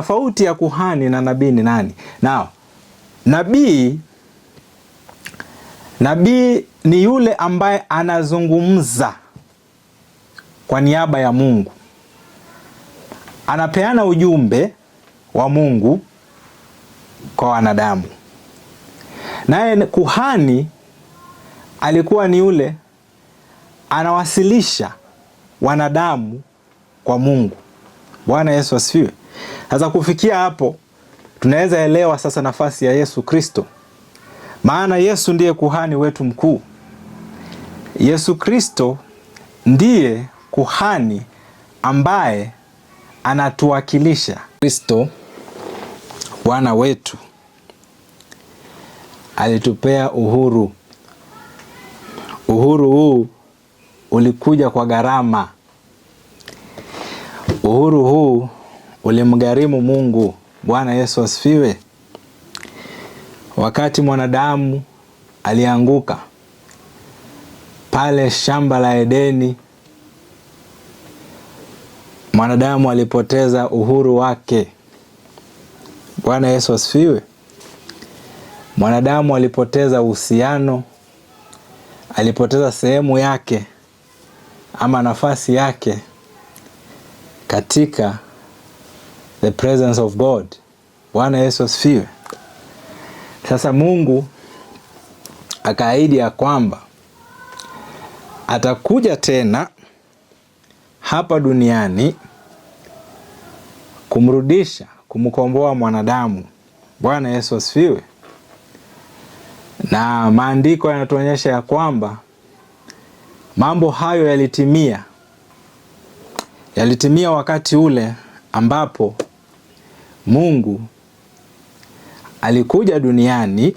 Tofauti ya kuhani na nabii ni nani? Nao nabii, nabii ni yule ambaye anazungumza kwa niaba ya Mungu, anapeana ujumbe wa Mungu kwa wanadamu. Naye kuhani alikuwa ni yule anawasilisha wanadamu kwa Mungu. Bwana Yesu asifiwe. Sasa kufikia hapo, tunaweza elewa sasa nafasi ya Yesu Kristo, maana Yesu ndiye kuhani wetu mkuu. Yesu Kristo ndiye kuhani ambaye anatuwakilisha. Kristo Bwana wetu alitupea uhuru. Uhuru huu ulikuja kwa gharama. Uhuru huu ulimgharimu Mungu. Bwana Yesu asifiwe. Wakati mwanadamu alianguka pale shamba la Edeni, mwanadamu alipoteza uhuru wake. Bwana Yesu asifiwe. Mwanadamu alipoteza uhusiano, alipoteza sehemu yake ama nafasi yake katika the presence of God. Bwana Yesu asifiwe. Sasa Mungu akaahidi ya kwamba atakuja tena hapa duniani kumrudisha, kumkomboa mwanadamu. Bwana Yesu asifiwe. Na maandiko yanatuonyesha ya kwamba mambo hayo yalitimia, yalitimia wakati ule ambapo Mungu alikuja duniani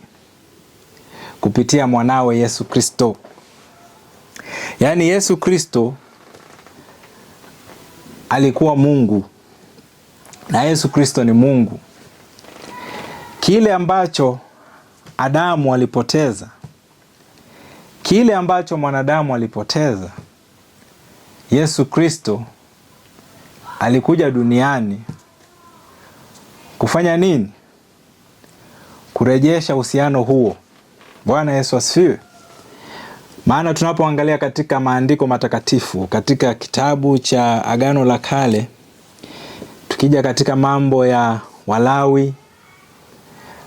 kupitia mwanawe Yesu Kristo. Yaani Yesu Kristo alikuwa Mungu na Yesu Kristo ni Mungu. Kile ambacho Adamu alipoteza, kile ambacho mwanadamu alipoteza, Yesu Kristo alikuja duniani kufanya nini? Kurejesha uhusiano huo. Bwana Yesu asifiwe. Maana tunapoangalia katika maandiko matakatifu katika kitabu cha Agano la Kale, tukija katika mambo ya Walawi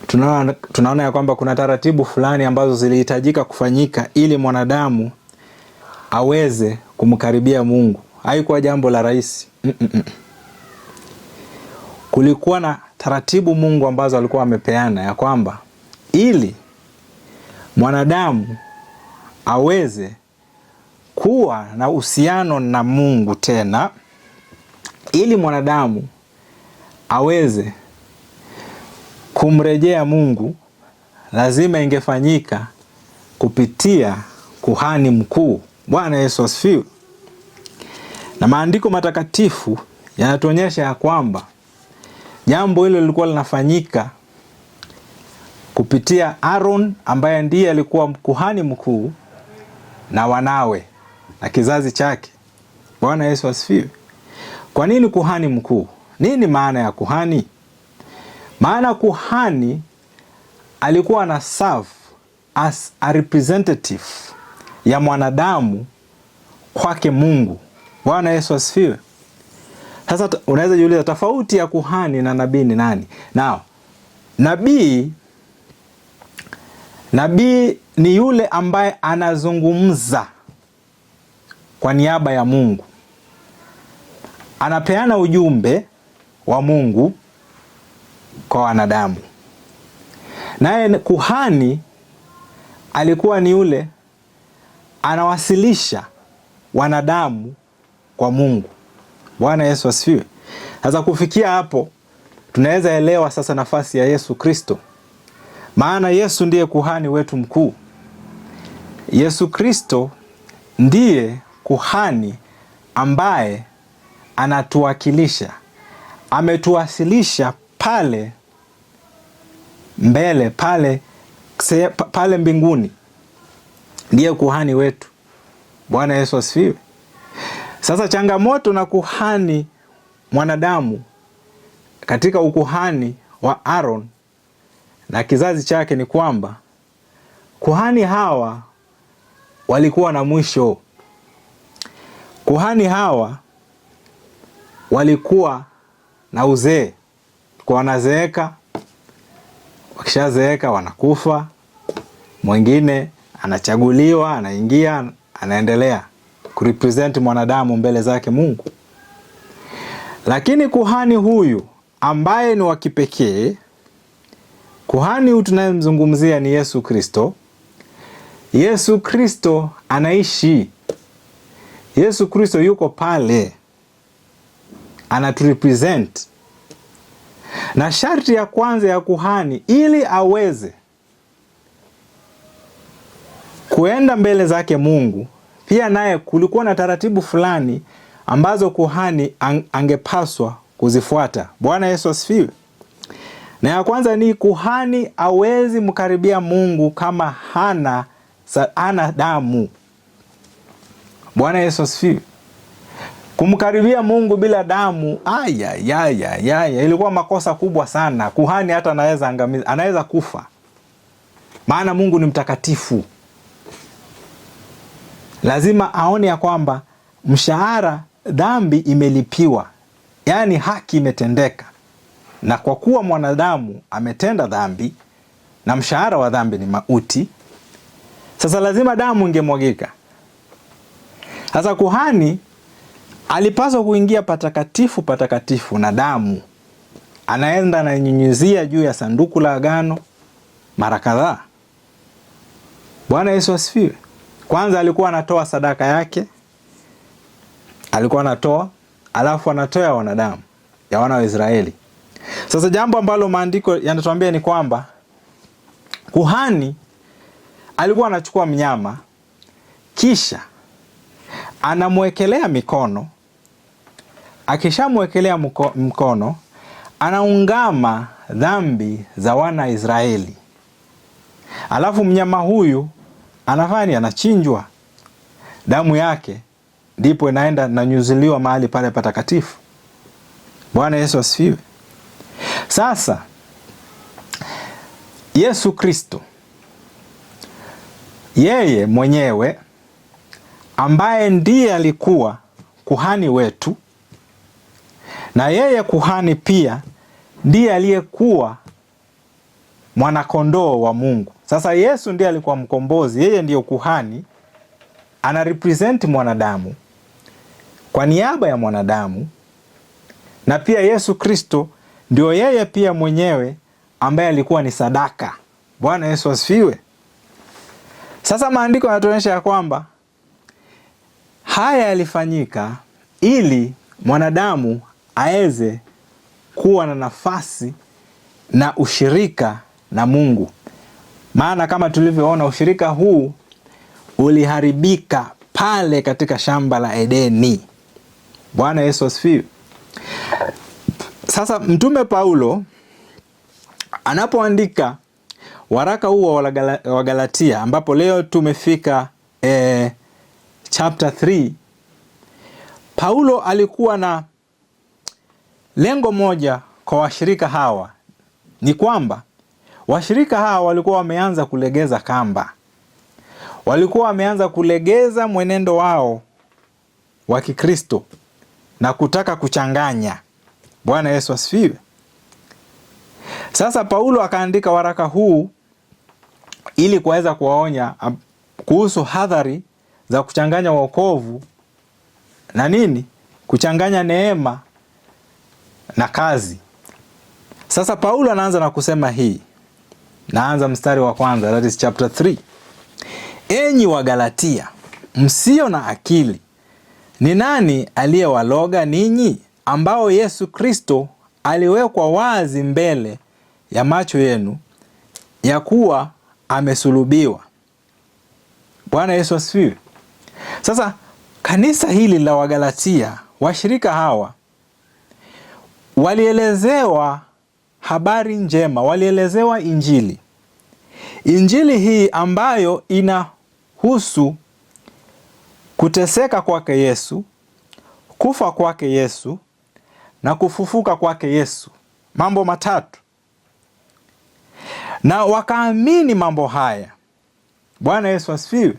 tunaona, tunaona ya kwamba kuna taratibu fulani ambazo zilihitajika kufanyika ili mwanadamu aweze kumkaribia Mungu. Haikuwa jambo la rahisi. Mm -mm. Kulikuwa na taratibu Mungu ambazo alikuwa amepeana ya kwamba ili mwanadamu aweze kuwa na uhusiano na Mungu tena, ili mwanadamu aweze kumrejea Mungu, lazima ingefanyika kupitia kuhani mkuu. Bwana Yesu asifiwe. Na maandiko matakatifu yanatuonyesha ya kwamba Jambo hilo lilikuwa linafanyika kupitia Aaron ambaye ndiye alikuwa kuhani mkuu na wanawe na kizazi chake. Bwana Yesu asifiwe. Kwa nini kuhani mkuu? Nini maana ya kuhani? Maana kuhani alikuwa na serve as a representative ya mwanadamu kwake Mungu. Bwana Yesu asifiwe. Sasa unaweza jiuliza tofauti ya kuhani na nabii ni nani? Nao nabii, nabii ni yule ambaye anazungumza kwa niaba ya Mungu, anapeana ujumbe wa Mungu kwa wanadamu. Naye kuhani alikuwa ni yule anawasilisha wanadamu kwa Mungu. Bwana Yesu asifiwe. Sasa kufikia hapo, tunaweza elewa sasa nafasi ya Yesu Kristo, maana Yesu ndiye kuhani wetu mkuu. Yesu Kristo ndiye kuhani ambaye anatuwakilisha, ametuwasilisha pale mbele pale pale mbinguni, ndiye kuhani wetu. Bwana Yesu asifiwe. Sasa changamoto na kuhani mwanadamu katika ukuhani wa Aaron na kizazi chake ni kwamba kuhani hawa walikuwa na mwisho. Kuhani hawa walikuwa na uzee, kwa wanazeeka, wakishazeeka wanakufa, mwingine anachaguliwa, anaingia, anaendelea kurepresent mwanadamu mbele zake Mungu. Lakini kuhani huyu ambaye ni wa kipekee, kuhani huyu tunayemzungumzia ni Yesu Kristo. Yesu Kristo anaishi, Yesu Kristo yuko pale anaturepresent. Na sharti ya kwanza ya kuhani ili aweze kuenda mbele zake Mungu pia naye kulikuwa na taratibu fulani ambazo kuhani angepaswa kuzifuata. Bwana Yesu asifiwe. Na ya kwanza ni kuhani awezi mkaribia Mungu kama hana, hana damu. Bwana Yesu asifiwe. Kumkaribia Mungu bila damu, aya ilikuwa makosa kubwa sana. Kuhani hata anaweza angamiza, anaweza kufa, maana Mungu ni mtakatifu lazima aone ya kwamba mshahara, dhambi imelipiwa, yaani haki imetendeka. Na kwa kuwa mwanadamu ametenda dhambi na mshahara wa dhambi ni mauti, sasa lazima damu ingemwagika. Sasa kuhani alipaswa kuingia patakatifu patakatifu na damu, anaenda ananyunyizia juu ya sanduku la agano mara kadhaa. Bwana Yesu asifiwe. Kwanza alikuwa anatoa sadaka yake, alikuwa anatoa alafu anatoa ya wanadamu ya wana wa Israeli. Sasa jambo ambalo maandiko yanatuambia ni kwamba kuhani alikuwa anachukua mnyama kisha anamwekelea mikono, akishamwekelea mkono anaungama dhambi za wana Israeli, alafu mnyama huyu anafanya Anachinjwa, damu yake ndipo inaenda nanyuzuliwa mahali pale patakatifu. Bwana Yesu asifiwe. Sasa Yesu Kristo yeye mwenyewe ambaye ndiye alikuwa kuhani wetu na yeye kuhani pia ndiye aliyekuwa mwanakondoo wa Mungu. Sasa Yesu ndiye alikuwa mkombozi, yeye ndiyo kuhani, ana represent mwanadamu kwa niaba ya mwanadamu, na pia Yesu Kristo ndio yeye pia mwenyewe ambaye alikuwa ni sadaka. Bwana Yesu asifiwe. Sasa maandiko yanatuonyesha ya kwamba haya yalifanyika ili mwanadamu aweze kuwa na nafasi na ushirika na Mungu. Maana kama tulivyoona ushirika huu uliharibika pale katika shamba la Edeni. Bwana Yesu asifiwe. Sasa Mtume Paulo anapoandika waraka huo wa Galatia ambapo leo tumefika eh, chapter 3, Paulo alikuwa na lengo moja kwa washirika hawa ni kwamba Washirika hawa walikuwa wameanza kulegeza kamba, walikuwa wameanza kulegeza mwenendo wao wa Kikristo na kutaka kuchanganya. Bwana Yesu asifiwe. Sasa Paulo akaandika waraka huu ili kuweza kuwaonya kuhusu hadhari za kuchanganya wokovu na nini, kuchanganya neema na kazi. Sasa Paulo anaanza na kusema hii Naanza mstari wa kwanza, that is chapter 3. Enyi Wagalatia msio na akili, ni nani aliyewaloga ninyi, ambao Yesu Kristo aliwekwa wazi mbele ya macho yenu ya kuwa amesulubiwa? Bwana Yesu asifiwe. Sasa kanisa hili la Wagalatia, washirika hawa walielezewa habari njema, walielezewa Injili. Injili hii ambayo inahusu kuteseka kwake Yesu, kufa kwake Yesu na kufufuka kwake Yesu, mambo matatu, na wakaamini mambo haya. Bwana Yesu asifiwe.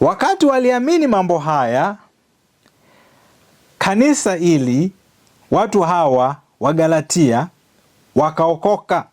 Wakati waliamini mambo haya, kanisa hili, watu hawa wa Galatia wakaokoka.